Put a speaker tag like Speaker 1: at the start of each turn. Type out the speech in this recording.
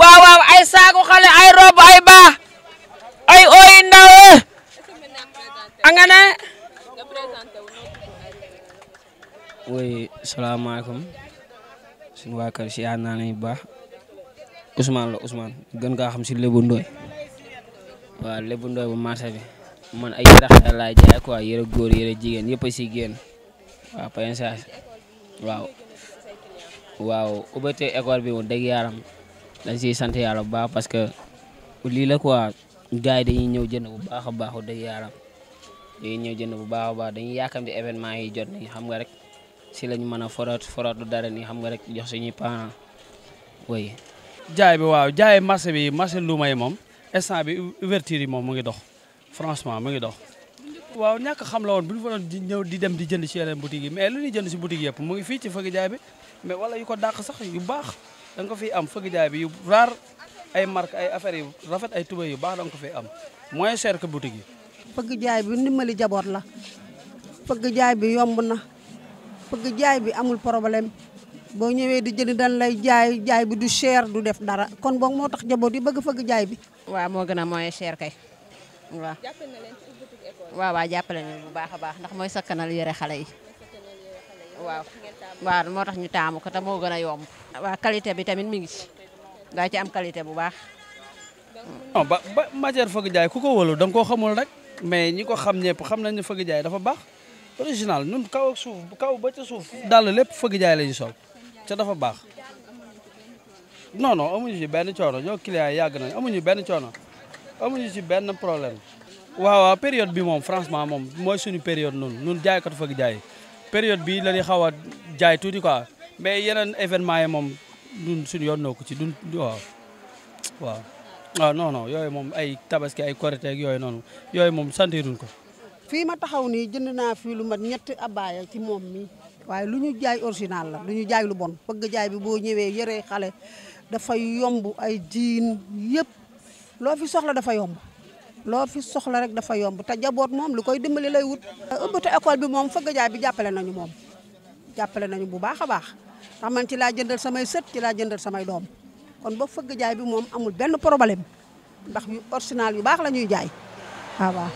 Speaker 1: waaw waaw ay saaku xale ay rob ay baax ay ooy ndaw eh. anga ne woy salaamaaleykum suñu waa kër si yaar naa nañu baax Ousmane la Ousmane gën kaa xam si Lébu Ndoy waaw Lébu bu marché bi man ay yére xale laay jaay quoi yére góor yére jigéen yëpp a si génn waaw paysage waaw waaw ubbite école bi mu dëgg yaram dañ siy sant yàlla bu baax parce que lii la quoi gars yi dañuy ñëw jënd bu baax a baax dëgg yaram dañuy ñëw jënd bu baax a baax dañuy yàkkamti événement yi jot xam nga rek
Speaker 2: si lañ mën a forot forot lu dara xam nga rek jox suñuy parents way jaay bi waaw jaay marché bi marché lu may moom instant bi ouverture yi moom mu ngi dox franchement mu ngi dox. waaw ñàkk xam la woon bu ñu fa doon di ñëw di dem di jënd ci yeneen boutique yi mais lu ñuy jënd si boutique yëpp mu ngi fii ci fëgg jaay bi mais wala yu ko dàq sax yu baax da ko fiy am fëgg jaay bi yu raar ay marque ay affaires yu rafet ay tubéy yu baax da ko fiy am moins cher que boutique yi.
Speaker 3: fëgg jaay bi nimmali jaboot la fëgg jaay bi yomb na fëgg jaay bi amul problème boo ñëwee di jënd dañ lay jaay jaay bi du cher du def
Speaker 4: dara kon boog moo tax jaboot yi bëgg fëgg jaay bi. waa moo gën a moins cher kay. waaw waaw waaw jàppale ñu bu baax a baax ndax mooy sakkanal yore xale yi waaw waaw moo tax ñu taamu ko te moo gën a yomb waaw qualité bi tamit mi ngi ci daa ci am qualité bu baax
Speaker 2: non ah, ba ba matière fëgg jaay ku ko wóolu da koo xamul rek mais ñi ko xam ñëpp xam nañ ne fëgg jaay dafa baax original ñun kaw ak suuf kaw ba ca suuf dàll lépp fëgg jaay la ñu sol ca dafa baax non non amuñu ci benn coono ñoo client yàgg nañ amuñu benn coono amuñu ci benn problème waaw waaw période bi moom franchement moom mooy suñu période noonu ñun jaaykatu fëgg jaay période bi la ñuy xaw a jaay tuuti quoi mais yeneen événement yi moom ñun yoon noo ko ci dun waaw waaw waaw ah, yooyu moom ay tabaski ay korite ak yooyu noonu yooyu moom santiruñ ko
Speaker 3: fii ma taxaw nii jënd naa fii lu mat ñetti abbaaya ci moom mii waaye lu ñu jaay original la lu ñu jaay lu bon bëgg jaay bi boo ñëwee yëree xale dafay yomb ay jiin yëpp loo fi soxla dafa yomb loo fi soxla rek dafa yomb te jaboot moom lu koy dimbali lay wut. ubbite école bi moom fëgg jaay bi jàppale nañu moom jàppale nañu bu baax a baax ndax man ci laa jëndal samay sët ci laa jëndal samay doom kon ba fëgg jaay bi moom amul benn problème ndax yu original yu baax lañuy ñuy jaay waaw